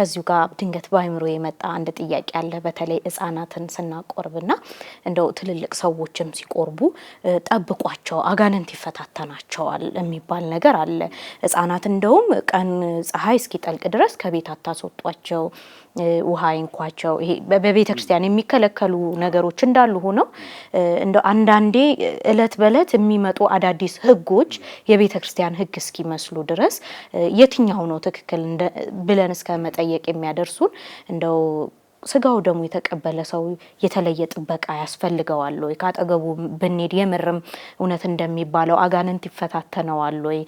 ከዚሁ ጋር ድንገት በአይምሮ የመጣ አንድ ጥያቄ አለ። በተለይ ህጻናትን ስናቆርብና እንደው ትልልቅ ሰዎችም ሲቆርቡ ጠብቋቸው አጋንንት ይፈታተናቸዋል የሚባል ነገር አለ። ህጻናት እንደውም ቀን ፀሐይ እስኪጠልቅ ድረስ ከቤት አታስወጧቸው ውሃ ይንኳቸው። ይሄ በቤተ ክርስቲያን የሚከለከሉ ነገሮች እንዳሉ ሆነው እንደ አንዳንዴ እለት በእለት የሚመጡ አዳዲስ ህጎች የቤተ ክርስቲያን ህግ እስኪመስሉ ድረስ የትኛው ነው ትክክል ብለን እስከ መጠየቅ የሚያደርሱን እንደው ስጋው ደግሞ የተቀበለ ሰው የተለየ ጥበቃ ያስፈልገዋል ወይ? ከአጠገቡ ብንሄድ የምርም እውነት እንደሚባለው አጋንንት ይፈታተነዋል ወይ?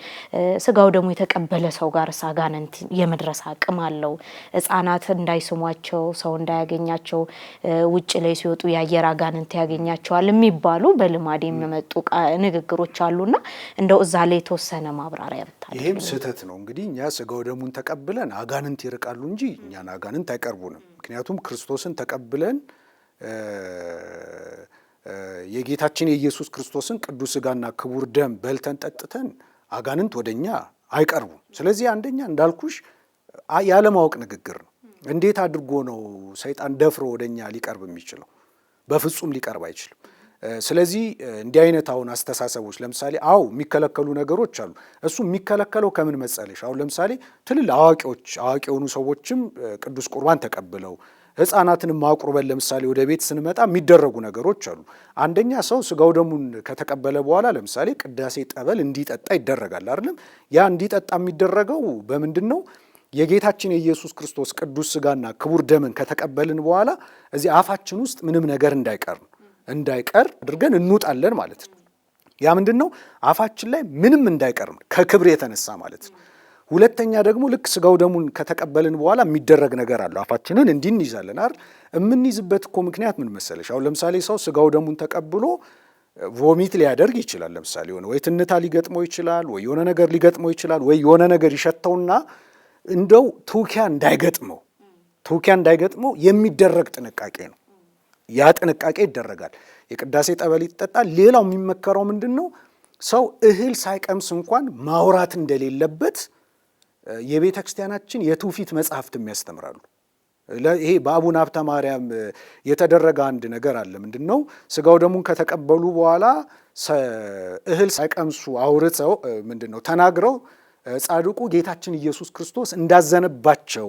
ስጋው ደግሞ የተቀበለ ሰው ጋር አጋንንት የመድረስ አቅም አለው? ሕጻናት እንዳይስሟቸው፣ ሰው እንዳያገኛቸው፣ ውጭ ላይ ሲወጡ የአየር አጋንንት ያገኛቸዋል የሚባሉ በልማድ የሚመጡ ንግግሮች አሉና እንደው እዛ ላይ የተወሰነ ማብራሪያ ይሄም ስህተት ነው። እንግዲህ እኛ ስጋ ወደሙን ተቀብለን አጋንንት ይርቃሉ እንጂ እኛን አጋንንት አይቀርቡንም። ምክንያቱም ክርስቶስን ተቀብለን የጌታችን የኢየሱስ ክርስቶስን ቅዱስ ስጋና ክቡር ደም በልተን ጠጥተን አጋንንት ወደ እኛ አይቀርቡም። ስለዚህ አንደኛ እንዳልኩሽ ያለማወቅ ንግግር ነው። እንዴት አድርጎ ነው ሰይጣን ደፍሮ ወደ እኛ ሊቀርብ የሚችለው? በፍጹም ሊቀርብ አይችልም። ስለዚህ እንዲህ አይነት አሁን አስተሳሰቦች ለምሳሌ አው የሚከለከሉ ነገሮች አሉ። እሱ የሚከለከለው ከምን መጸለሽ አሁን ለምሳሌ ትልል አዋቂዎች አዋቂ የሆኑ ሰዎችም ቅዱስ ቁርባን ተቀብለው ህፃናትን ማቁርበን ለምሳሌ ወደ ቤት ስንመጣ የሚደረጉ ነገሮች አሉ። አንደኛ ሰው ስጋው ደሙን ከተቀበለ በኋላ ለምሳሌ ቅዳሴ ጠበል እንዲጠጣ ይደረጋል አይደለም? ያ እንዲጠጣ የሚደረገው በምንድን ነው? የጌታችን የኢየሱስ ክርስቶስ ቅዱስ ስጋና ክቡር ደምን ከተቀበልን በኋላ እዚህ አፋችን ውስጥ ምንም ነገር እንዳይቀር ነው። እንዳይቀር አድርገን እንውጣለን ማለት ነው። ያ ምንድን ነው? አፋችን ላይ ምንም እንዳይቀርም ከክብር የተነሳ ማለት ነው። ሁለተኛ ደግሞ ልክ ስጋው ደሙን ከተቀበልን በኋላ የሚደረግ ነገር አለው። አፋችንን እንዲህ እንይዛለን አይደል? የምንይዝበት እኮ ምክንያት ምን መሰለሽ? አሁን ለምሳሌ ሰው ስጋው ደሙን ተቀብሎ ቮሚት ሊያደርግ ይችላል። ለምሳሌ የሆነ ወይ ትንታ ሊገጥመው ይችላል፣ ወይ የሆነ ነገር ሊገጥመው ይችላል፣ ወይ የሆነ ነገር ይሸተውና እንደው ትውኪያ እንዳይገጥመው ትውኪያ እንዳይገጥመው የሚደረግ ጥንቃቄ ነው። ያ ጥንቃቄ ይደረጋል። የቅዳሴ ጠበል ይጠጣል። ሌላው የሚመከረው ምንድን ነው? ሰው እህል ሳይቀምስ እንኳን ማውራት እንደሌለበት የቤተ ክርስቲያናችን የትውፊት መጽሐፍትም ያስተምራሉ። ይሄ በአቡነ ሀብተ ማርያም የተደረገ አንድ ነገር አለ። ምንድን ነው? ስጋው ደሙን ከተቀበሉ በኋላ እህል ሳይቀምሱ አውርተው ምንድን ነው ተናግረው ጻድቁ ጌታችን ኢየሱስ ክርስቶስ እንዳዘነባቸው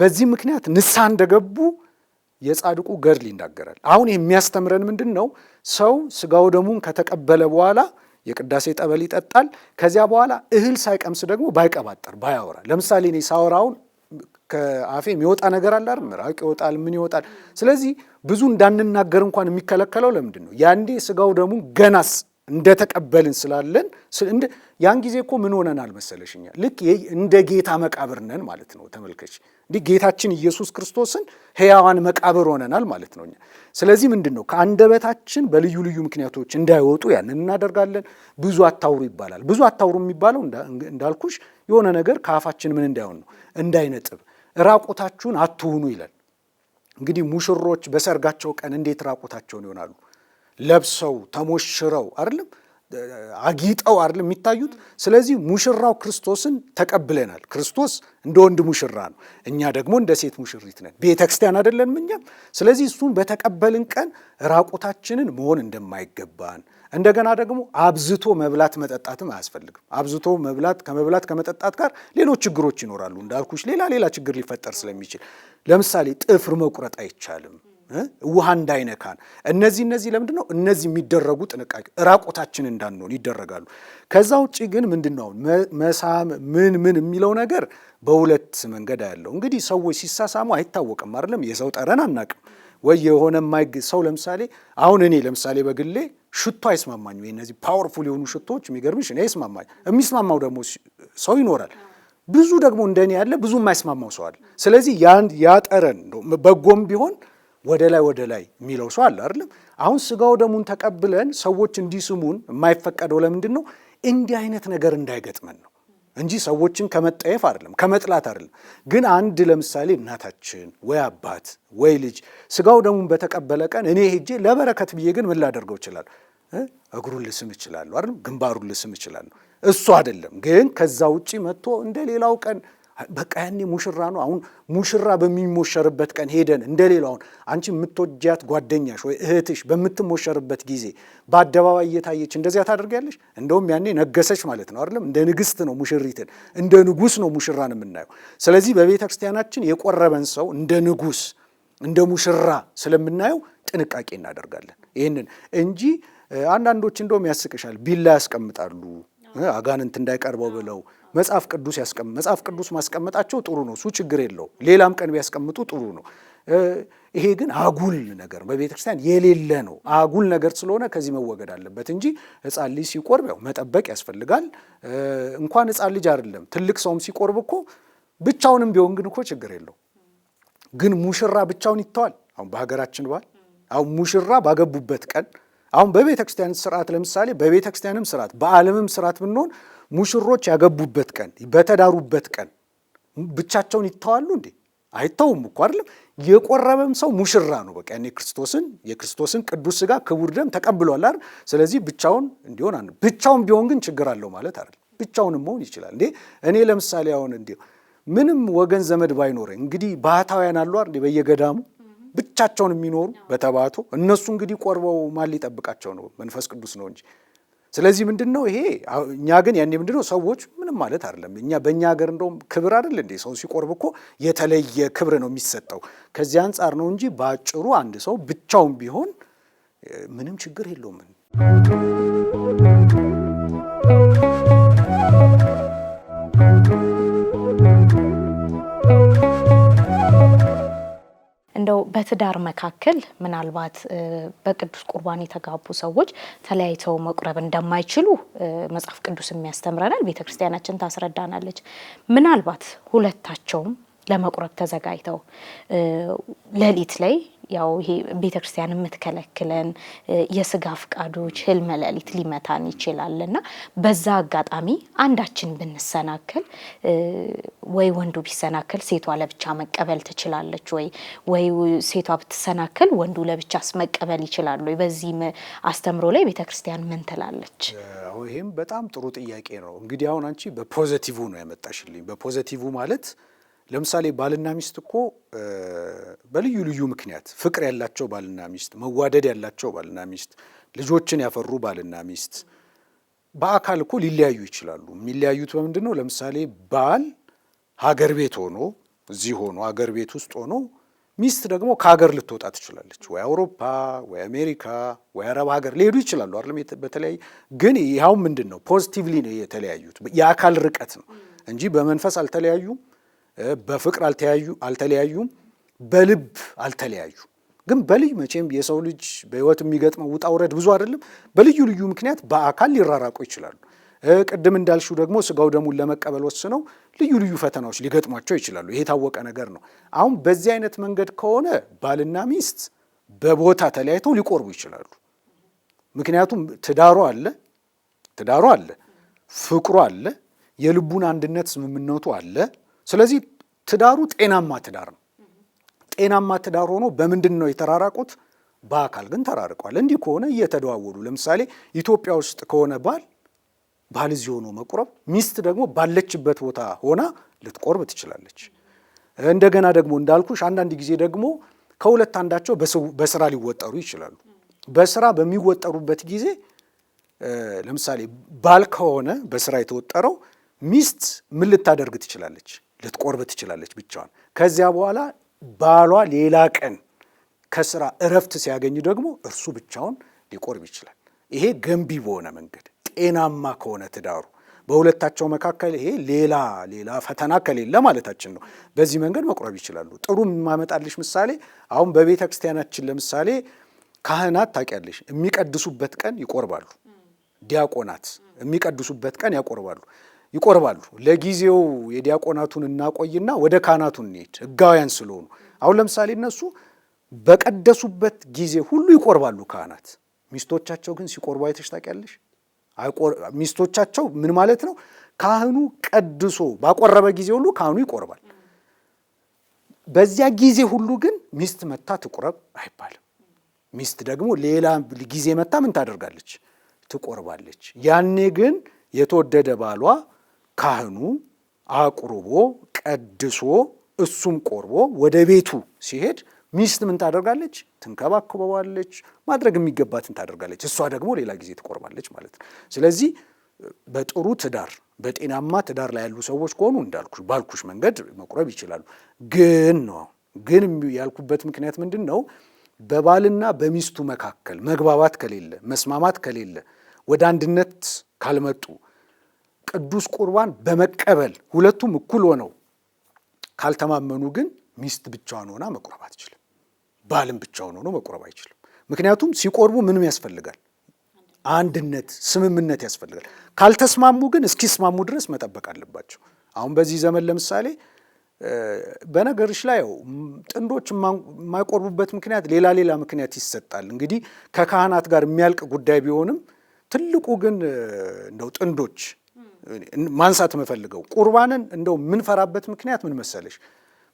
በዚህ ምክንያት ንስሐ እንደገቡ የጻድቁ ገድል ይናገራል። አሁን የሚያስተምረን ምንድን ነው? ሰው ስጋው ደሙን ከተቀበለ በኋላ የቅዳሴ ጠበል ይጠጣል። ከዚያ በኋላ እህል ሳይቀምስ ደግሞ ባይቀባጠር ባያወራ። ለምሳሌ እኔ ሳወራውን ከአፌ የሚወጣ ነገር አለ አይደል? ምራቅ ይወጣል፣ ምን ይወጣል። ስለዚህ ብዙ እንዳንናገር እንኳን የሚከለከለው ለምንድን ነው? ያንዴ ስጋው ደሙን ገናስ እንደተቀበልን ስላለን ያን ጊዜ እኮ ምን ሆነናል መሰለሽኛ፣ ልክ እንደ ጌታ መቃብር ነን ማለት ነው። ተመልከች እንዲህ ጌታችን ኢየሱስ ክርስቶስን ሕያዋን መቃብር ሆነናል ማለት ነው። ስለዚህ ምንድን ነው ከአንደበታችን በልዩ ልዩ ምክንያቶች እንዳይወጡ ያንን እናደርጋለን። ብዙ አታውሩ ይባላል። ብዙ አታውሩ የሚባለው እንዳልኩሽ የሆነ ነገር ከአፋችን ምን እንዳይሆን ነው፣ እንዳይነጥብ። ራቆታችሁን አትሁኑ ይላል። እንግዲህ ሙሽሮች በሰርጋቸው ቀን እንዴት ራቁታቸውን ይሆናሉ? ለብሰው ተሞሽረው አይደለም አጊጠው አይደለም የሚታዩት። ስለዚህ ሙሽራው ክርስቶስን ተቀብለናል። ክርስቶስ እንደ ወንድ ሙሽራ ነው፣ እኛ ደግሞ እንደ ሴት ሙሽሪት ነን። ቤተ ክርስቲያን አይደለንም እኛም። ስለዚህ እሱን በተቀበልን ቀን ራቁታችንን መሆን እንደማይገባን እንደገና ደግሞ አብዝቶ መብላት መጠጣትም አያስፈልግም። አብዝቶ መብላት ከመብላት ከመጠጣት ጋር ሌሎች ችግሮች ይኖራሉ እንዳልኩች፣ ሌላ ሌላ ችግር ሊፈጠር ስለሚችል ለምሳሌ ጥፍር መቁረጥ አይቻልም። ውሃ እንዳይነካን እነዚህ እነዚህ ለምንድን ነው እነዚህ የሚደረጉ ጥንቃቄ ራቆታችን እንዳንሆን ይደረጋሉ። ከዛ ውጭ ግን ምንድን ነው መሳም ምን ምን የሚለው ነገር በሁለት መንገድ ያለው እንግዲህ ሰዎች ሲሳሳሙ አይታወቅም አይደለም። የሰው ጠረን አናቅም ወይ የሆነ ማይግ ሰው ለምሳሌ አሁን እኔ ለምሳሌ በግሌ ሽቶ አይስማማኝ ወይ እነዚህ ፓወርፉል የሆኑ ሽቶዎች የሚገርምሽ እኔ አይስማማኝ። የሚስማማው ደግሞ ሰው ይኖራል። ብዙ ደግሞ እንደኔ ያለ ብዙ የማይስማማው ሰው አለ። ስለዚህ ያ ጠረን በጎም ቢሆን ወደ ላይ ወደ ላይ የሚለው ሰው አለ አይደለም። አሁን ስጋው ደሙን ተቀብለን ሰዎች እንዲስሙን የማይፈቀደው ለምንድን ነው? እንዲህ አይነት ነገር እንዳይገጥመን ነው እንጂ ሰዎችን ከመጠየፍ አይደለም ከመጥላት አይደለም። ግን አንድ ለምሳሌ እናታችን ወይ አባት ወይ ልጅ ስጋው ደሙን በተቀበለ ቀን እኔ ሄጄ ለበረከት ብዬ ግን ምን ላደርገው እችላለሁ? እግሩን ልስም እችላለሁ አይደለም፣ ግንባሩን ልስም እችላለሁ። እሱ አይደለም ግን ከዛ ውጭ መጥቶ እንደ ሌላው ቀን በቃ ያኔ ሙሽራ ነው። አሁን ሙሽራ በሚሞሸርበት ቀን ሄደን እንደሌላ አሁን አንቺ የምትወጃት ጓደኛሽ ወይ እህትሽ በምትሞሸርበት ጊዜ በአደባባይ እየታየች እንደዚያ ታደርጊያለሽ? እንደውም ያኔ ነገሰች ማለት ነው አይደለም? እንደ ንግስት ነው ሙሽሪትን፣ እንደ ንጉስ ነው ሙሽራን የምናየው። ስለዚህ በቤተ ክርስቲያናችን የቆረበን ሰው እንደ ንጉስ እንደ ሙሽራ ስለምናየው ጥንቃቄ እናደርጋለን። ይህንን እንጂ አንዳንዶች እንደውም ያስቅሻል ቢላ ያስቀምጣሉ አጋንንት እንዳይቀርበው ብለው መጽሐፍ ቅዱስ ያስቀምጥ መጽሐፍ ቅዱስ ማስቀመጣቸው ጥሩ ነው። እሱ ችግር የለው። ሌላም ቀን ቢያስቀምጡ ጥሩ ነው። ይሄ ግን አጉል ነገር በቤተ ክርስቲያን የሌለ ነው። አጉል ነገር ስለሆነ ከዚህ መወገድ አለበት እንጂ ሕፃን ልጅ ሲቆርብ ያው መጠበቅ ያስፈልጋል። እንኳን ሕፃን ልጅ አይደለም ትልቅ ሰውም ሲቆርብ እኮ ብቻውንም ቢሆን ግን እኮ ችግር የለው። ግን ሙሽራ ብቻውን ይተዋል። አሁን በሀገራችን ባል አሁን ሙሽራ ባገቡበት ቀን አሁን በቤተ ክርስቲያን ስርዓት ለምሳሌ በቤተ ክርስቲያንም ስርዓት በዓለምም ስርዓት ብንሆን ሙሽሮች ያገቡበት ቀን በተዳሩበት ቀን ብቻቸውን ይተዋሉ እንዴ? አይተውም እኮ አይደለም። የቆረበም ሰው ሙሽራ ነው። በቃ ያኔ ክርስቶስን የክርስቶስን ቅዱስ ስጋ ክቡር ደም ተቀብሏል አይደል? ስለዚህ ብቻውን እንዲሆን አ ብቻውን ቢሆን ግን ችግር አለው ማለት አይደል። ብቻውንም መሆን ይችላል እንዴ። እኔ ለምሳሌ አሁን እንዲ ምንም ወገን ዘመድ ባይኖረኝ እንግዲህ ባህታውያን አሉ አይደል በየገዳሙ ብቻቸውን የሚኖሩ በተባቱ እነሱ እንግዲህ ቆርበው ማን ሊጠብቃቸው ነው? መንፈስ ቅዱስ ነው እንጂ። ስለዚህ ምንድን ነው ይሄ? እኛ ግን ያኔ ምንድን ነው ሰዎች ምንም ማለት አይደለም። እኛ በእኛ ሀገር እንደውም ክብር አይደል እንዴ? ሰው ሲቆርብ እኮ የተለየ ክብር ነው የሚሰጠው። ከዚህ አንጻር ነው እንጂ በአጭሩ አንድ ሰው ብቻውን ቢሆን ምንም ችግር የለውም። እንደው በትዳር መካከል ምናልባት በቅዱስ ቁርባን የተጋቡ ሰዎች ተለያይተው መቁረብ እንደማይችሉ መጽሐፍ ቅዱስ የሚያስተምረናል፣ ቤተክርስቲያናችን ታስረዳናለች። ምናልባት ሁለታቸውም ለመቁረብ ተዘጋጅተው ሌሊት ላይ ያው ይሄ ቤተክርስቲያን የምትከለክለን የስጋ ፍቃዶች ህልመ ሌሊት ሊመታን ይችላል እና በዛ አጋጣሚ አንዳችን ብንሰናከል ወይ ወንዱ ቢሰናከል ሴቷ ለብቻ መቀበል ትችላለች ወይ ወይ ሴቷ ብትሰናከል ወንዱ ለብቻስ መቀበል ይችላል ወይ? በዚህ አስተምሮ ላይ ቤተክርስቲያን ምን ትላለች? ይህም በጣም ጥሩ ጥያቄ ነው። እንግዲህ አሁን አንቺ በፖዘቲቭ ነው ያመጣሽልኝ። በፖዘቲቭ ማለት ለምሳሌ ባልና ሚስት እኮ በልዩ ልዩ ምክንያት ፍቅር ያላቸው ባልና ሚስት፣ መዋደድ ያላቸው ባልና ሚስት፣ ልጆችን ያፈሩ ባልና ሚስት በአካል እኮ ሊለያዩ ይችላሉ። የሚለያዩት በምንድን ነው? ለምሳሌ ባል ሀገር ቤት ሆኖ እዚህ ሆኖ ሀገር ቤት ውስጥ ሆኖ ሚስት ደግሞ ከሀገር ልትወጣ ትችላለች። ወይ አውሮፓ ወይ አሜሪካ ወይ አረብ ሀገር ሊሄዱ ይችላሉ አይደለም? በተለያዩ ግን ይኸው ምንድን ነው ፖዚቲቭሊ ነው የተለያዩት። የአካል ርቀት ነው እንጂ በመንፈስ አልተለያዩም። በፍቅር አልተያዩ አልተለያዩም፣ በልብ አልተለያዩ። ግን በልዩ መቼም የሰው ልጅ በህይወት የሚገጥመው ውጣ ውረድ ብዙ አይደለም። በልዩ ልዩ ምክንያት በአካል ሊራራቁ ይችላሉ። ቅድም እንዳልሽው ደግሞ ስጋው ደሙን ለመቀበል ወስነው ልዩ ልዩ ፈተናዎች ሊገጥሟቸው ይችላሉ። ይሄ የታወቀ ነገር ነው። አሁን በዚህ አይነት መንገድ ከሆነ ባልና ሚስት በቦታ ተለያይተው ሊቆርቡ ይችላሉ። ምክንያቱም ትዳሩ አለ ትዳሩ አለ፣ ፍቅሩ አለ፣ የልቡን አንድነት ስምምነቱ አለ። ስለዚህ ትዳሩ ጤናማ ትዳር ነው። ጤናማ ትዳር ሆኖ በምንድን ነው የተራራቁት? በአካል ግን ተራርቋል። እንዲህ ከሆነ እየተደዋወሉ ለምሳሌ ኢትዮጵያ ውስጥ ከሆነ ባል ባል እዚህ ሆኖ መቁረብ፣ ሚስት ደግሞ ባለችበት ቦታ ሆና ልትቆርብ ትችላለች። እንደገና ደግሞ እንዳልኩሽ አንዳንድ ጊዜ ደግሞ ከሁለት አንዳቸው በስራ ሊወጠሩ ይችላሉ። በስራ በሚወጠሩበት ጊዜ ለምሳሌ ባል ከሆነ በስራ የተወጠረው ሚስት ምን ልታደርግ ትችላለች? ልትቆርብ ትችላለች ብቻዋን። ከዚያ በኋላ ባሏ ሌላ ቀን ከስራ እረፍት ሲያገኝ ደግሞ እርሱ ብቻውን ሊቆርብ ይችላል። ይሄ ገንቢ በሆነ መንገድ ጤናማ ከሆነ ትዳሩ በሁለታቸው መካከል ይሄ ሌላ ሌላ ፈተና ከሌለ ማለታችን ነው። በዚህ መንገድ መቁረብ ይችላሉ። ጥሩ የማመጣልሽ ምሳሌ አሁን በቤተ ክርስቲያናችን ለምሳሌ ካህናት ታውቂያለሽ፣ የሚቀድሱበት ቀን ይቆርባሉ። ዲያቆናት የሚቀድሱበት ቀን ያቆርባሉ። ይቆርባሉ። ለጊዜው የዲያቆናቱን እናቆይና ወደ ካህናቱ እንሄድ፣ ህጋውያን ስለሆኑ። አሁን ለምሳሌ እነሱ በቀደሱበት ጊዜ ሁሉ ይቆርባሉ ካህናት። ሚስቶቻቸው ግን ሲቆርቡ አይተሽ ታውቂያለሽ? ሚስቶቻቸው ምን ማለት ነው? ካህኑ ቀድሶ ባቆረበ ጊዜ ሁሉ ካህኑ ይቆርባል። በዚያ ጊዜ ሁሉ ግን ሚስት መታ ትቁረብ አይባልም። ሚስት ደግሞ ሌላ ጊዜ መታ ምን ታደርጋለች? ትቆርባለች። ያኔ ግን የተወደደ ባሏ ካህኑ አቁርቦ ቀድሶ እሱም ቆርቦ ወደ ቤቱ ሲሄድ ሚስት ምን ታደርጋለች? ትንከባከበዋለች። ማድረግ የሚገባትን ታደርጋለች። እሷ ደግሞ ሌላ ጊዜ ትቆርባለች ማለት ነው። ስለዚህ በጥሩ ትዳር በጤናማ ትዳር ላይ ያሉ ሰዎች ከሆኑ እንዳልኩሽ ባልኩሽ መንገድ መቁረብ ይችላሉ። ግን ነው ግን ያልኩበት ምክንያት ምንድን ነው? በባልና በሚስቱ መካከል መግባባት ከሌለ መስማማት ከሌለ ወደ አንድነት ካልመጡ ቅዱስ ቁርባን በመቀበል ሁለቱም እኩል ሆነው ካልተማመኑ ግን ሚስት ብቻዋን ሆና መቁረብ አትችልም። ባልም ብቻውን ሆኖ መቁረብ አይችልም። ምክንያቱም ሲቆርቡ ምንም ያስፈልጋል፣ አንድነት ስምምነት ያስፈልጋል። ካልተስማሙ ግን እስኪስማሙ ድረስ መጠበቅ አለባቸው። አሁን በዚህ ዘመን ለምሳሌ በነገሮች ላይ ጥንዶች የማይቆርቡበት ምክንያት ሌላ ሌላ ምክንያት ይሰጣል። እንግዲህ ከካህናት ጋር የሚያልቅ ጉዳይ ቢሆንም ትልቁ ግን እንደው ጥንዶች ማንሳት የምፈልገው ቁርባንን እንደው የምንፈራበት ምክንያት ምን መሰለሽ?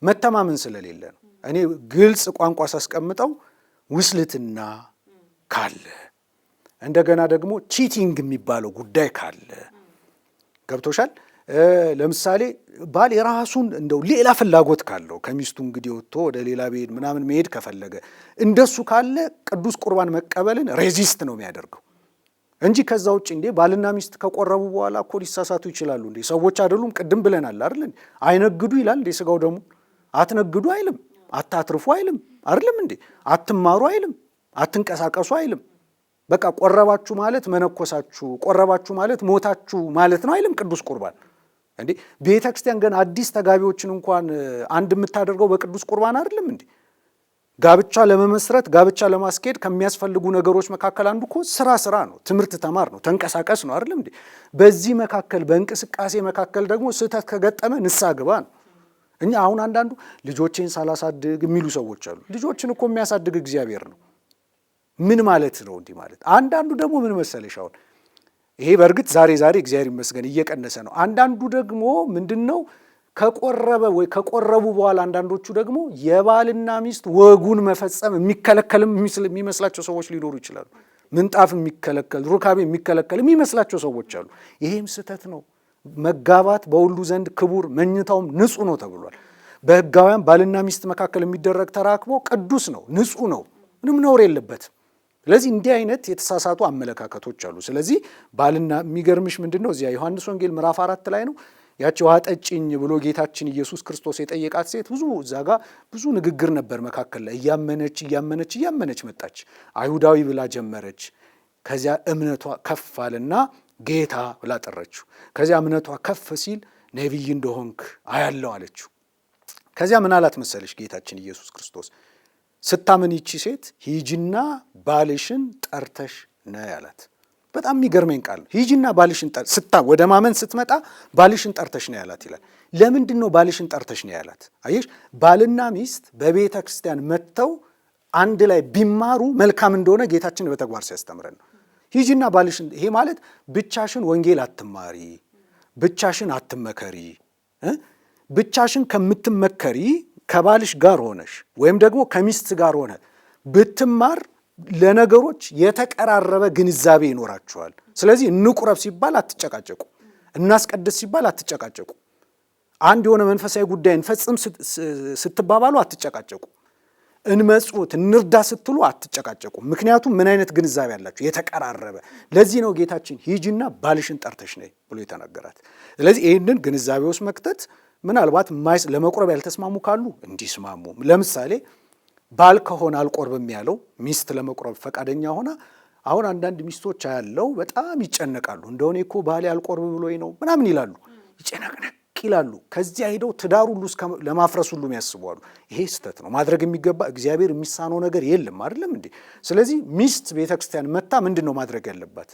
መተማመን ስለሌለ ነው። እኔ ግልጽ ቋንቋ ሳስቀምጠው ውስልትና ካለ እንደገና ደግሞ ቺቲንግ የሚባለው ጉዳይ ካለ ገብቶሻል። ለምሳሌ ባል የራሱን እንደው ሌላ ፍላጎት ካለው ከሚስቱ እንግዲህ ወጥቶ ወደ ሌላ ብሄድ ምናምን መሄድ ከፈለገ እንደሱ ካለ ቅዱስ ቁርባን መቀበልን ሬዚስት ነው የሚያደርገው። እንጂ ከዛ ውጭ እንዴ ባልና ሚስት ከቆረቡ በኋላ እኮ ሊሳሳቱ ይችላሉ። እንዴ ሰዎች አይደሉም? ቅድም ብለናል አይደል? አይነግዱ ይላል እንዴ ስጋው ደግሞ አትነግዱ አይልም፣ አታትርፉ አይልም አይደለም እንዴ አትማሩ አይልም፣ አትንቀሳቀሱ አይልም። በቃ ቆረባችሁ ማለት መነኮሳችሁ፣ ቆረባችሁ ማለት ሞታችሁ ማለት ነው አይልም ቅዱስ ቁርባን እንዴ ቤተ ክርስቲያን ገና አዲስ ተጋቢዎችን እንኳን አንድ የምታደርገው በቅዱስ ቁርባን አይደለም እንዴ ጋብቻ ለመመስረት ጋብቻ ለማስኬድ ከሚያስፈልጉ ነገሮች መካከል አንዱ እኮ ስራ ስራ ነው፣ ትምህርት ተማር ነው፣ ተንቀሳቀስ ነው አይደለም እንዴ? በዚህ መካከል በእንቅስቃሴ መካከል ደግሞ ስህተት ከገጠመ ንሳ ግባ ነው። እኛ አሁን አንዳንዱ ልጆቼን ሳላሳድግ የሚሉ ሰዎች አሉ። ልጆችን እኮ የሚያሳድግ እግዚአብሔር ነው። ምን ማለት ነው እንዲህ ማለት? አንዳንዱ ደግሞ ምን መሰለሽ አሁን ይሄ በእርግጥ ዛሬ ዛሬ እግዚአብሔር ይመስገን እየቀነሰ ነው። አንዳንዱ ደግሞ ምንድን ነው ከቆረበ ወይ ከቆረቡ በኋላ አንዳንዶቹ ደግሞ የባልና ሚስት ወጉን መፈጸም የሚከለከልም የሚመስላቸው ሰዎች ሊኖሩ ይችላሉ። ምንጣፍ የሚከለከል ሩካቤ የሚከለከል የሚመስላቸው ሰዎች አሉ። ይሄም ስህተት ነው። መጋባት በሁሉ ዘንድ ክቡር፣ መኝታውም ንጹ ነው ተብሏል። በህጋውያን ባልና ሚስት መካከል የሚደረግ ተራክቦ ቅዱስ ነው፣ ንጹሕ ነው፣ ምንም ነውር የለበትም። ስለዚህ እንዲህ አይነት የተሳሳቱ አመለካከቶች አሉ። ስለዚህ ባልና የሚገርምሽ ምንድን ነው እዚያ ዮሐንስ ወንጌል ምዕራፍ አራት ላይ ነው ያች ውሃ ጠጭኝ ብሎ ጌታችን ኢየሱስ ክርስቶስ የጠየቃት ሴት ብዙ እዛ ጋ ብዙ ንግግር ነበር መካከል ላይ እያመነች እያመነች እያመነች መጣች። አይሁዳዊ ብላ ጀመረች። ከዚያ እምነቷ ከፍ አለና ጌታ ብላ ጠረችው። ከዚያ እምነቷ ከፍ ሲል ነቢይ እንደሆንክ አያለው አለችው። ከዚያ ምን አላት መሰለች ጌታችን ኢየሱስ ክርስቶስ ስታምን ይቺ ሴት ሂጂና ባልሽን ጠርተሽ ነይ አላት። በጣም የሚገርመኝ ቃል ነው። ሂጂና ባልሽን ስታ ወደ ማመን ስትመጣ ባልሽን ጠርተሽ ነው ያላት ይላል። ለምንድን ነው ባልሽን ጠርተሽ ነው ያላት? አየሽ፣ ባልና ሚስት በቤተ ክርስቲያን መጥተው አንድ ላይ ቢማሩ መልካም እንደሆነ ጌታችን በተግባር ሲያስተምረን ነው። ሂጂና ባልሽን። ይሄ ማለት ብቻሽን ወንጌል አትማሪ፣ ብቻሽን አትመከሪ። ብቻሽን ከምትመከሪ ከባልሽ ጋር ሆነሽ ወይም ደግሞ ከሚስት ጋር ሆነ ብትማር ለነገሮች የተቀራረበ ግንዛቤ ይኖራችኋል። ስለዚህ እንቁረብ ሲባል አትጨቃጨቁ፣ እናስቀድስ ሲባል አትጨቃጨቁ፣ አንድ የሆነ መንፈሳዊ ጉዳይ እንፈጽም ስትባባሉ አትጨቃጨቁ፣ እንመጽውት እንርዳ ስትሉ አትጨቃጨቁ። ምክንያቱም ምን አይነት ግንዛቤ አላችሁ? የተቀራረበ። ለዚህ ነው ጌታችን ሂጂና ባልሽን ጠርተሽ ነይ ብሎ የተናገራት። ስለዚህ ይህንን ግንዛቤ ውስጥ መክተት ምናልባት ለመቁረብ ያልተስማሙ ካሉ እንዲስማሙ ለምሳሌ ባል ከሆነ አልቆርብም ያለው ሚስት ለመቁረብ ፈቃደኛ ሆና አሁን አንዳንድ ሚስቶች ያለው በጣም ይጨነቃሉ። እንደሆነ እኮ ባሌ አልቆርብ ብሎ ነው ምናምን ይላሉ፣ ይጨነቅነቅ ይላሉ። ከዚያ ሄደው ትዳር ሁሉ ለማፍረስ ሁሉም ያስባሉ። ይሄ ስህተት ነው። ማድረግ የሚገባ እግዚአብሔር የሚሳነው ነገር የለም አይደለም እንዴ? ስለዚህ ሚስት ቤተ ክርስቲያን መታ ምንድን ነው ማድረግ ያለባት?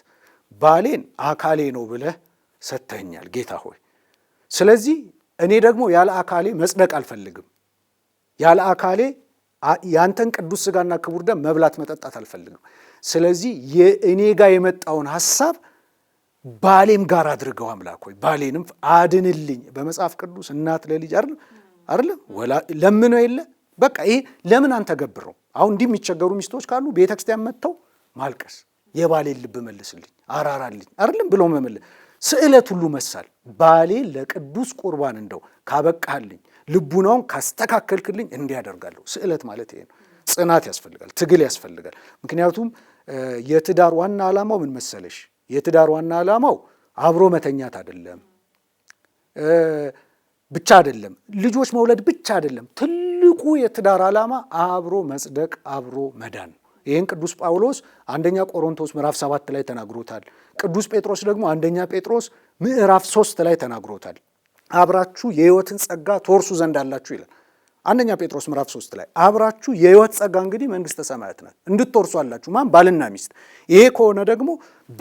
ባሌን አካሌ ነው ብለህ ሰጥተኛል ጌታ ሆይ፣ ስለዚህ እኔ ደግሞ ያለ አካሌ መጽደቅ አልፈልግም ያለ አካሌ ያንተን ቅዱስ ስጋና ክቡር ደም መብላት መጠጣት አልፈልግም። ስለዚህ የእኔ ጋር የመጣውን ሀሳብ ባሌም ጋር አድርገው አምላክ ሆይ ባሌንም አድንልኝ። በመጽሐፍ ቅዱስ እናት ለልጅ አይደል አይደለም ለምን የለ በቃ ይሄ ለምን አንተ ገብረው አሁን እንዲህ የሚቸገሩ ሚስቶች ካሉ ቤተ ክርስቲያን መጥተው ማልቀስ የባሌን ልብ መልስልኝ፣ አራራልኝ አይደለም ብሎ መመለስ ስዕለት ሁሉ መሳል ባሌ ለቅዱስ ቁርባን እንደው ካበቃልኝ ልቡናውን ካስተካከልክልኝ እንዲያደርጋለሁ። ስዕለት ማለት ይሄ ነው። ጽናት ያስፈልጋል፣ ትግል ያስፈልጋል። ምክንያቱም የትዳር ዋና ዓላማው ምን መሰለሽ? የትዳር ዋና ዓላማው አብሮ መተኛት አይደለም ብቻ አይደለም፣ ልጆች መውለድ ብቻ አይደለም። ትልቁ የትዳር ዓላማ አብሮ መጽደቅ፣ አብሮ መዳን ይህን ቅዱስ ጳውሎስ አንደኛ ቆሮንቶስ ምዕራፍ ሰባት ላይ ተናግሮታል። ቅዱስ ጴጥሮስ ደግሞ አንደኛ ጴጥሮስ ምዕራፍ ሶስት ላይ ተናግሮታል። አብራችሁ የህይወትን ጸጋ ተወርሱ ዘንድ አላችሁ ይላል። አንደኛ ጴጥሮስ ምዕራፍ ሶስት ላይ አብራችሁ የህይወት ጸጋ እንግዲህ መንግስተ ሰማያት ናት እንድትወርሱ አላችሁ። ማን? ባልና ሚስት። ይሄ ከሆነ ደግሞ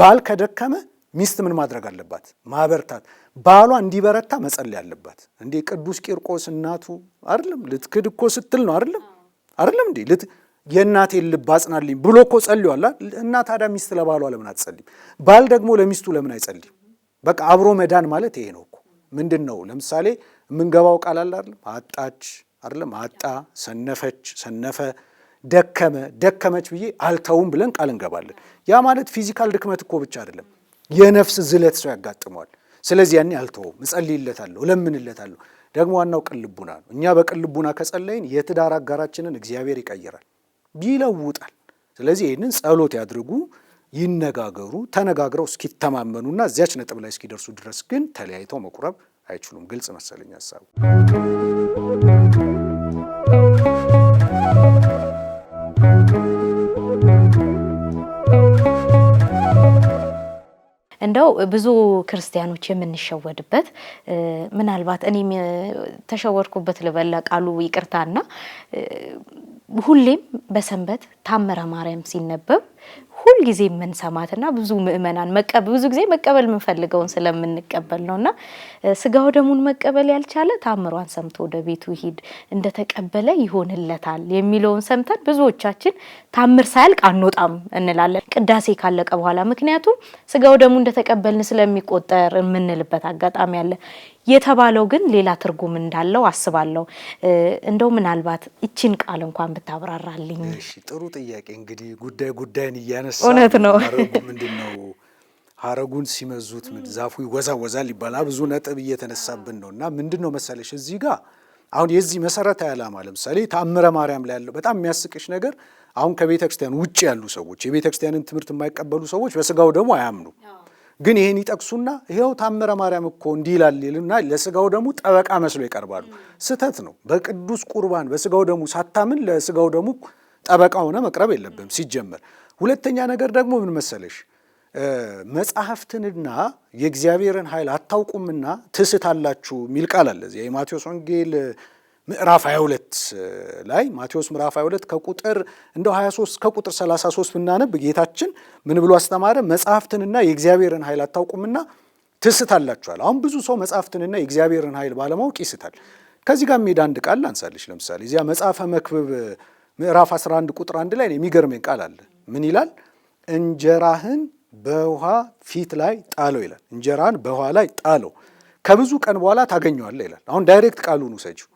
ባል ከደከመ ሚስት ምን ማድረግ አለባት? ማበርታት። ባሏ እንዲበረታ መጸለይ አለባት። እንዴ ቅዱስ ቂርቆስ እናቱ አይደለም ልትክድ እኮ ስትል ነው አይደለም አይደለም እንዴ ልት የእናቴን ልብ አጽናልኝ ብሎ እኮ ጸልዋል። እና ታዲያ ሚስት ለባሏ ለምን አትጸልይም? ባል ደግሞ ለሚስቱ ለምን አይጸልይም? በቃ አብሮ መዳን ማለት ይሄ ነው እኮ ምንድን ነው? ለምሳሌ የምንገባው ቃል አለ አይደለም? አጣች አይደለም? አጣ፣ ሰነፈች፣ ሰነፈ፣ ደከመ፣ ደከመች ብዬ አልተውም ብለን ቃል እንገባለን። ያ ማለት ፊዚካል ድክመት እኮ ብቻ አይደለም፣ የነፍስ ዝለት ሰው ያጋጥመዋል። ስለዚህ ያኔ አልተውም፣ እጸልይለታለሁ፣ እለምንለታለሁ። ደግሞ ዋናው ቅን ልቡና ነው። እኛ በቅን ልቡና ከጸለይን የትዳር አጋራችንን እግዚአብሔር ይቀይራል፣ ይለውጣል። ስለዚህ ይህንን ጸሎት ያድርጉ። ይነጋገሩ። ተነጋግረው እስኪተማመኑና እዚያች ነጥብ ላይ እስኪደርሱ ድረስ ግን ተለያይተው መቁረብ አይችሉም። ግልጽ መሰለኝ ሀሳቡ። እንደው ብዙ ክርስቲያኖች የምንሸወድበት ምናልባት እኔም ተሸወድኩበት ልበላ ቃሉ ይቅርታና ሁሌም በሰንበት ታምረ ማርያም ሲነበብ ሁልጊዜ የምንሰማትና ብዙ ምእመናን ብዙ ጊዜ መቀበል የምንፈልገውን ስለምንቀበል ነው እና ስጋው ደሙን መቀበል ያልቻለ ታምሯን ሰምቶ ወደ ቤቱ ሂድ እንደተቀበለ ይሆንለታል የሚለውን ሰምተን ብዙዎቻችን ታምር ሳያልቅ አንወጣም እንላለን ቅዳሴ ካለቀ በኋላ ምክንያቱም ስጋው ደሙ እንደተቀበልን ስለሚቆጠር የምንልበት አጋጣሚ አለ። የተባለው ግን ሌላ ትርጉም እንዳለው አስባለሁ። እንደው ምናልባት እቺን ቃል እንኳን ብታብራራልኝ። ጥሩ ጥያቄ። እንግዲህ ጉዳይ ጉዳይን እያነሳ እውነት ነው። ምንድን ነው ሀረጉን ሲመዙት ዛፉ ይወዛወዛል ይባላል። ብዙ ነጥብ እየተነሳብን ነው እና ምንድን ነው መሰለሽ እዚህ ጋር አሁን የዚህ መሰረታዊ ዓላማ ለምሳሌ ተአምረ ማርያም ላይ ያለው በጣም የሚያስቅሽ ነገር አሁን ከቤተ ክርስቲያን ውጭ ያሉ ሰዎች የቤተ ክርስቲያንን ትምህርት የማይቀበሉ ሰዎች በስጋው ደግሞ አያምኑ ግን ይሄን ይጠቅሱና ይሄው ታምረ ማርያም እኮ እንዲህ ይላል ይልና ለስጋው ደሙ ጠበቃ መስሎ ይቀርባሉ። ስህተት ነው። በቅዱስ ቁርባን በስጋው ደሙ ሳታምን ለስጋው ደሙ ጠበቃ ሆነ መቅረብ የለብም ሲጀመር። ሁለተኛ ነገር ደግሞ ምን መሰለሽ መጽሐፍትንና የእግዚአብሔርን ኃይል አታውቁምና ትስታላችሁ የሚል ቃል አለ የማቴዎስ ወንጌል ምዕራፍ 22 ላይ ማቴዎስ ምዕራፍ 22 ከቁጥር እንደ 23 ከቁጥር 33 ብናነብ ጌታችን ምን ብሎ አስተማረ? መጽሐፍትንና የእግዚአብሔርን ኃይል አታውቁምና ትስታላችኋል። አሁን ብዙ ሰው መጽሐፍትንና የእግዚአብሔርን ኃይል ባለማወቅ ይስታል። ከዚህ ጋር የሚሄድ አንድ ቃል ላንሳለች። ለምሳሌ እዚያ መጽሐፈ መክብብ ምዕራፍ 11 ቁጥር 1 ላይ የሚገርመኝ ቃል አለ። ምን ይላል? እንጀራህን በውሃ ፊት ላይ ጣለው ይላል። እንጀራን በውሃ ላይ ጣለው ከብዙ ቀን በኋላ ታገኘዋለህ ይላል። አሁን ዳይሬክት ቃሉን ውሰጂው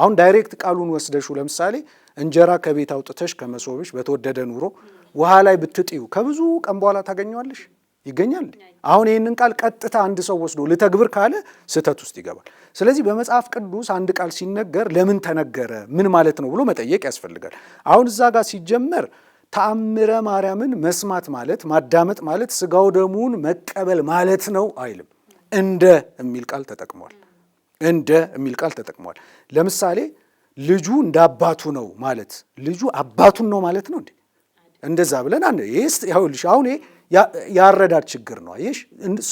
አሁን ዳይሬክት ቃሉን ወስደሹ ለምሳሌ እንጀራ ከቤት አውጥተሽ ከመሶብሽ በተወደደ ኑሮ ውሃ ላይ ብትጥዩ ከብዙ ቀን በኋላ ታገኘዋለሽ? ይገኛል። አሁን ይህንን ቃል ቀጥታ አንድ ሰው ወስዶ ልተግብር ካለ ስህተት ውስጥ ይገባል። ስለዚህ በመጽሐፍ ቅዱስ አንድ ቃል ሲነገር ለምን ተነገረ፣ ምን ማለት ነው ብሎ መጠየቅ ያስፈልጋል። አሁን እዛ ጋር ሲጀመር ተአምረ ማርያምን መስማት ማለት ማዳመጥ ማለት ስጋው ደሙን መቀበል ማለት ነው አይልም። እንደ የሚል ቃል ተጠቅሟል። እንደ የሚል ቃል ተጠቅሟል። ለምሳሌ ልጁ እንደ አባቱ ነው ማለት ልጁ አባቱን ነው ማለት ነው እንዴ? እንደዛ ብለን አንድ ይህስ ይኸውልሽ፣ አሁን ያረዳድ ችግር ነው። ይሽ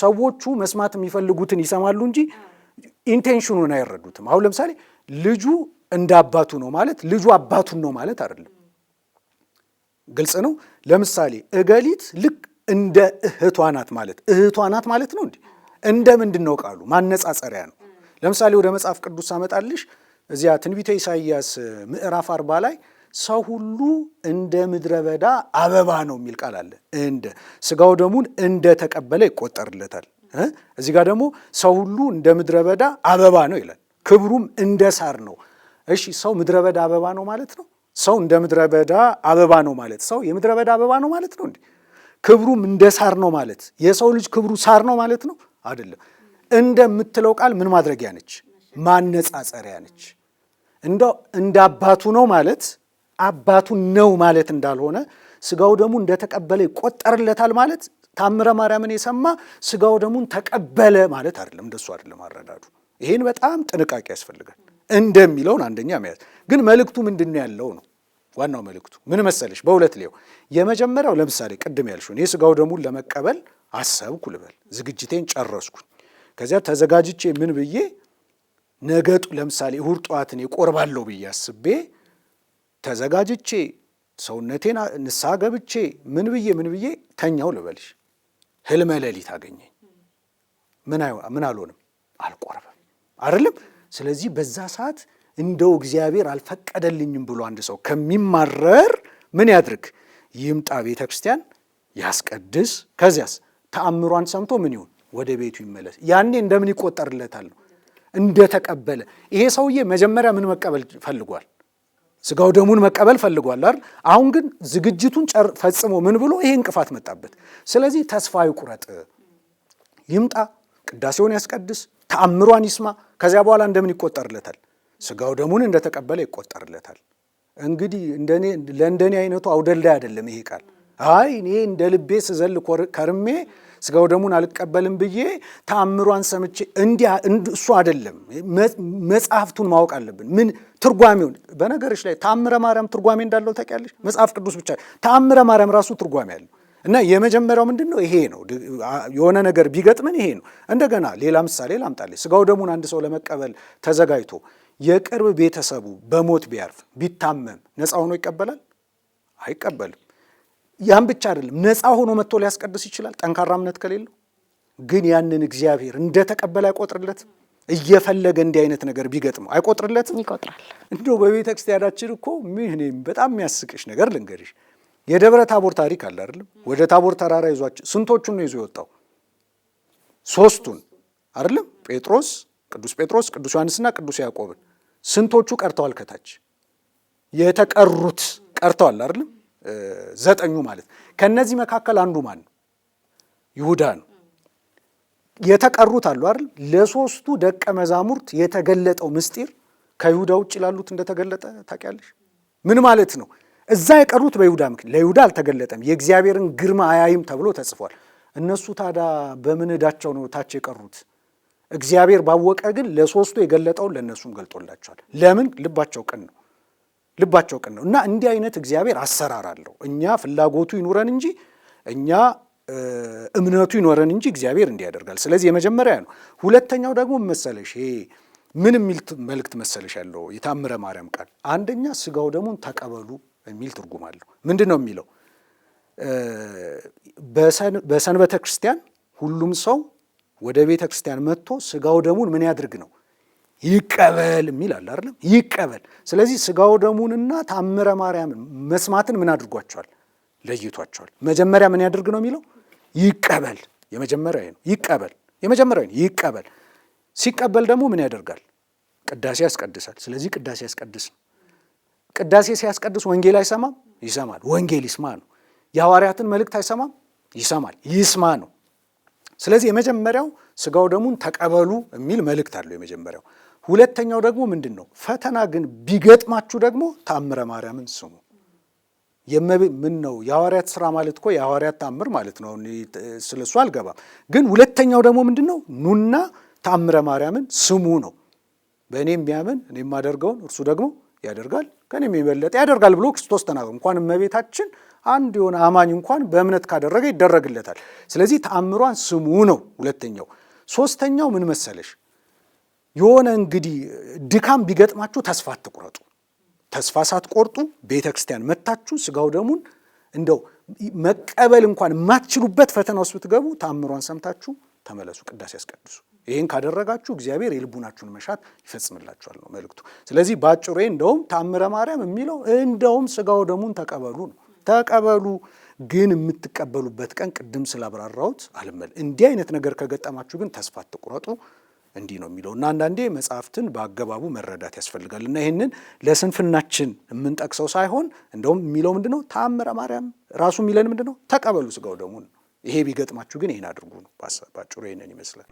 ሰዎቹ መስማት የሚፈልጉትን ይሰማሉ እንጂ ኢንቴንሽኑን አይረዱትም። አሁን ለምሳሌ ልጁ እንደ አባቱ ነው ማለት ልጁ አባቱን ነው ማለት አይደለም። ግልጽ ነው። ለምሳሌ እገሊት ልክ እንደ እህቷ ናት ማለት እህቷ ናት ማለት ነው እንዴ? እንደ ምንድን ነው ቃሉ? ማነጻጸሪያ ነው። ለምሳሌ ወደ መጽሐፍ ቅዱስ አመጣልሽ። እዚያ ትንቢተ ኢሳይያስ ምዕራፍ አርባ ላይ ሰው ሁሉ እንደ ምድረ በዳ አበባ ነው የሚል ቃል አለ። እንደ ስጋው ደሙን እንደ ተቀበለ ይቆጠርለታል። እዚህ ጋር ደግሞ ሰው ሁሉ እንደ ምድረ በዳ አበባ ነው ይላል። ክብሩም እንደ ሳር ነው። እሺ ሰው ምድረ በዳ አበባ ነው ማለት ነው። ሰው እንደ ምድረ በዳ አበባ ነው ማለት ሰው የምድረ በዳ አበባ ነው ማለት ነው እንዴ? ክብሩም እንደ ሳር ነው ማለት የሰው ልጅ ክብሩ ሳር ነው ማለት ነው አይደለም። እንደምትለው ቃል ምን ማድረጊያ ነች? ማነጻጸሪያ ነች። እንደው እንደ አባቱ ነው ማለት አባቱ ነው ማለት እንዳልሆነ ስጋው ደሙ እንደተቀበለ ይቆጠርለታል ማለት ታምረ ማርያምን የሰማ ስጋው ደሙን ተቀበለ ማለት አይደለም። እንደሱ አይደለም አረዳዱ። ይህን በጣም ጥንቃቄ ያስፈልጋል። እንደሚለውን አንደኛ መያዝ ግን መልእክቱ ምንድን ያለው ነው ዋናው መልእክቱ ምን መሰለሽ? በሁለት ሊው የመጀመሪያው ለምሳሌ ቅድም ያልሽውን ስጋው ደሙን ለመቀበል አሰብኩ ልበል፣ ዝግጅቴን ጨረስኩኝ። ከዚያ ተዘጋጅቼ ምን ብዬ ነገ ለምሳሌ እሁድ ጠዋትን ቆርባለሁ ብዬ አስቤ ተዘጋጅቼ ሰውነቴን ንስሐ ገብቼ ምን ብዬ ምን ብዬ ተኛው ልበልሽ፣ ህልመ ሌሊት አገኘኝ። ምን አልሆንም፣ አልቆርብም አይደለም። ስለዚህ በዛ ሰዓት እንደው እግዚአብሔር አልፈቀደልኝም ብሎ አንድ ሰው ከሚማረር ምን ያድርግ? ይምጣ፣ ቤተ ክርስቲያን ያስቀድስ። ከዚያስ ተአምሯን ሰምቶ ምን ይሁን ወደ ቤቱ ይመለስ። ያኔ እንደምን ይቆጠርለታል ነው እንደተቀበለ። ይሄ ሰውዬ መጀመሪያ ምን መቀበል ፈልጓል? ስጋው ደሙን መቀበል ፈልጓል አይደል? አሁን ግን ዝግጅቱን ፈጽሞ ምን ብሎ ይሄ እንቅፋት መጣበት። ስለዚህ ተስፋ ይቁረጥ፣ ይምጣ፣ ቅዳሴውን ያስቀድስ፣ ተአምሯን ይስማ። ከዚያ በኋላ እንደምን ይቆጠርለታል? ስጋው ደሙን እንደተቀበለ ይቆጠርለታል። እንግዲህ እንደኔ ለእንደኔ አይነቱ አውደልዳይ አይደለም ይሄ ቃል። አይ እኔ እንደ ልቤ ስዘል ከርሜ ስጋው ደሙን አልቀበልም ብዬ ተአምሯን ሰምቼ እሱ አይደለም። መጽሐፍቱን ማወቅ አለብን። ምን ትርጓሜውን። በነገርሽ ላይ ተአምረ ማርያም ትርጓሜ እንዳለው ታውቂያለሽ? መጽሐፍ ቅዱስ ብቻ ተአምረ ማርያም ራሱ ትርጓሜ አለው። እና የመጀመሪያው ምንድን ነው? ይሄ ነው። የሆነ ነገር ቢገጥምን ይሄ ነው። እንደገና ሌላ ምሳሌ ላምጣልሽ። ስጋው ደሙን አንድ ሰው ለመቀበል ተዘጋጅቶ የቅርብ ቤተሰቡ በሞት ቢያርፍ ቢታመም ነፃ ሆኖ ይቀበላል? አይቀበልም። ያም ብቻ አይደለም፣ ነፃ ሆኖ መጥቶ ሊያስቀድስ ይችላል። ጠንካራ እምነት ከሌለው ግን ያንን እግዚአብሔር እንደተቀበለ አይቆጥርለትም። እየፈለገ እንዲህ አይነት ነገር ቢገጥመው አይቆጥርለትም፣ ይቆጥራል። እንዲሁ በቤተ ክርስቲያናችን እኮ ምን በጣም የሚያስቅሽ ነገር ልንገርሽ፣ የደብረ ታቦር ታሪክ አለ አይደለም? ወደ ታቦር ተራራ ይዟቸው ስንቶቹን ነው ይዞ የወጣው? ሶስቱን አይደለም? ጴጥሮስ፣ ቅዱስ ጴጥሮስ፣ ቅዱስ ዮሐንስና ቅዱስ ያዕቆብን። ስንቶቹ ቀርተዋል? ከታች የተቀሩት ቀርተዋል አይደለም? ዘጠኙ ማለት ከእነዚህ መካከል አንዱ ማን ይሁዳ ነው። የተቀሩት አሉ አይደል? ለሶስቱ ደቀ መዛሙርት የተገለጠው ምስጢር ከይሁዳ ውጭ ላሉት እንደተገለጠ ታውቂያለሽ? ምን ማለት ነው? እዛ የቀሩት በይሁዳ ምክንያት ለይሁዳ አልተገለጠም። የእግዚአብሔርን ግርማ አያይም ተብሎ ተጽፏል። እነሱ ታዲያ በምን ዕዳቸው ነው ታች የቀሩት? እግዚአብሔር ባወቀ ግን ለሶስቱ የገለጠውን ለእነሱም ገልጦላቸዋል። ለምን? ልባቸው ቅን ነው። ልባቸው ቅን ነው እና እንዲህ አይነት እግዚአብሔር አሰራር አለው። እኛ ፍላጎቱ ይኑረን እንጂ እኛ እምነቱ ይኖረን እንጂ እግዚአብሔር እንዲህ ያደርጋል። ስለዚህ የመጀመሪያ ነው። ሁለተኛው ደግሞ መሰለሽ ይሄ ምን የሚል መልእክት መሰለሽ ያለው የታምረ ማርያም ቃል አንደኛ ስጋው ደሙን ተቀበሉ የሚል ትርጉም አለው። ምንድን ነው የሚለው? በሰንበተ ክርስቲያን ሁሉም ሰው ወደ ቤተ ክርስቲያን መጥቶ ስጋው ደሙን ምን ያድርግ ነው ይቀበል የሚል አለ አይደለም? ይቀበል። ስለዚህ ስጋው ደሙንና ታምረ ማርያምን መስማትን ምን አድርጓቸዋል? ለይቷቸዋል። መጀመሪያ ምን ያድርግ ነው የሚለው? ይቀበል። የመጀመሪያ ነው ይቀበል። የመጀመሪያ ነው ይቀበል። ሲቀበል ደግሞ ምን ያደርጋል? ቅዳሴ ያስቀድሳል። ስለዚህ ቅዳሴ ያስቀድስ ነው። ቅዳሴ ሲያስቀድስ ወንጌል አይሰማም? ይሰማል። ወንጌል ይስማ ነው። የሐዋርያትን መልእክት አይሰማም? ይሰማል። ይስማ ነው። ስለዚህ የመጀመሪያው ስጋው ደሙን ተቀበሉ የሚል መልእክት አለው የመጀመሪያው ሁለተኛው ደግሞ ምንድን ነው? ፈተና ግን ቢገጥማችሁ ደግሞ ታምረ ማርያምን ስሙ። ምን ነው የሐዋርያት ስራ ማለት እኮ የሐዋርያት ታምር ማለት ነው። ስለ እሱ አልገባም። ግን ሁለተኛው ደግሞ ምንድን ነው? ኑና ታምረ ማርያምን ስሙ ነው። በእኔ የሚያምን እኔ የማደርገውን እርሱ ደግሞ ያደርጋል ከእኔም የበለጠ ያደርጋል ብሎ ክርስቶስ ተናግሮ እንኳን እመቤታችን አንድ የሆነ አማኝ እንኳን በእምነት ካደረገ ይደረግለታል። ስለዚህ ተአምሯን ስሙ ነው ሁለተኛው። ሶስተኛው ምን መሰለሽ የሆነ እንግዲህ ድካም ቢገጥማችሁ ተስፋ አትቁረጡ። ተስፋ ሳትቆርጡ ቤተ ክርስቲያን መታችሁ ስጋው ደሙን እንደው መቀበል እንኳን የማትችሉበት ፈተና ውስጥ ብትገቡ ተአምሯን ሰምታችሁ ተመለሱ፣ ቅዳሴ ያስቀድሱ። ይህን ካደረጋችሁ እግዚአብሔር የልቡናችሁን መሻት ይፈጽምላችኋል ነው መልእክቱ። ስለዚህ በአጭሩ እንደውም ተአምረ ማርያም የሚለው እንደውም ስጋው ደሙን ተቀበሉ ነው። ተቀበሉ ግን የምትቀበሉበት ቀን ቅድም ስላብራራሁት አልመል እንዲህ አይነት ነገር ከገጠማችሁ ግን ተስፋ አትቁረጡ። እንዲህ ነው የሚለው እና አንዳንዴ መጽሐፍትን በአገባቡ መረዳት ያስፈልጋል እና ይህንን ለስንፍናችን የምንጠቅሰው ሳይሆን እንደውም የሚለው ምንድነው ነው ተአምረ ማርያም ራሱ የሚለን ምንድን ነው ተቀበሉ ስጋው ደሙን ይሄ ቢገጥማችሁ ግን ይህን አድርጉ ነው ባጭሩ ይህንን ይመስላል